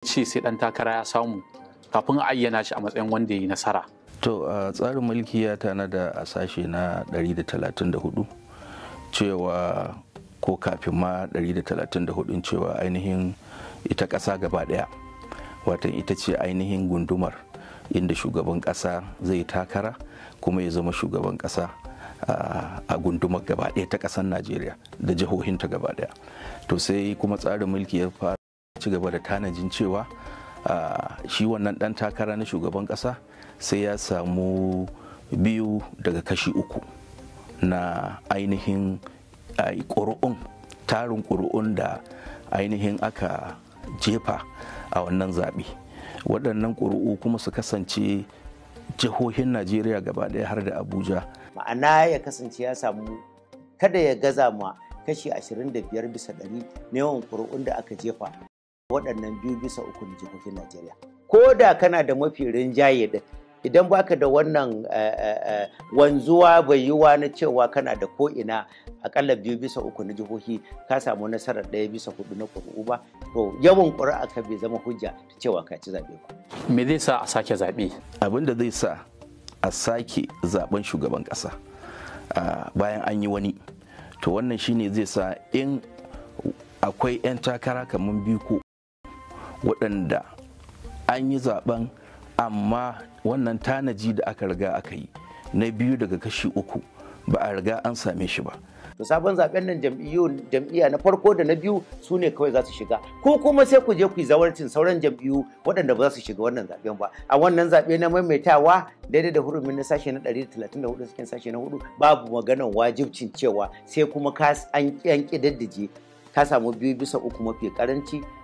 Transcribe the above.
ce sai ɗan takara ya samu kafin a ayyana shi a matsayin wanda ya yi nasara. To tsarin mulki ya tana da a sashe na 134 cewa ko kafin ma 134 cewa ainihin ita ƙasa gaba ɗaya watan ita ce ainihin gundumar inda shugaban ƙasa zai takara kuma ya zama shugaban ƙasa a gundumar gaba ɗaya ta ƙasar najeriya da jihohinta gaba ɗaya to sai kuma tsarin mulki ya fara ci gaba da tanajin cewa shi wannan ɗan takara na shugaban ƙasa sai ya samu biyu daga kashi uku na ainihin ƙuru'un tarin ƙuru'un da ainihin aka jefa a wannan zaɓe waɗannan ƙuru'u kuma su kasance jihohin najeriya gaba ɗaya har da abuja ma'ana ya kasance ya samu kada ya gaza ma kashi 25 bisa ɗari na yawan ƙuri'un da aka jefa waɗannan biyu bisa uku na jikokin Najeriya. Ko da kana da mafi rinjaye da idan baka da wannan eh, eh, eh, wanzuwa bai yiwa na cewa kana da ko'ina akalla biyu bisa uku na jihohi ka samu nasarar ɗaya bisa hudu na ƙuri'u ba to yawan ƙuri'a ka bai zama hujja ta cewa ka ci zaɓe ba. Me zai sa a sake zaɓe? Abin da zai sa a sake zaɓen shugaban ƙasa ah, bayan an yi wani to wannan shine zai sa in akwai 'yan takara kamar biyu ko waɗanda an yi zaben amma wannan tanaji da aka riga aka yi na biyu daga kashi uku ba a riga an same shi ba to sabon zaben nan jam'iyya na farko da na biyu su ne kawai za su shiga ko kuma sai ku je ku yi zawarcin sauran jam'iyyu waɗanda ba za su shiga wannan zaben ba a wannan zaɓe na maimaitawa daidai da hurumin na sashe na 134 cikin sashe na 4 babu maganar wajibcin cewa sai kuma ka an kididdige ka samu biyu bisa uku mafi karanci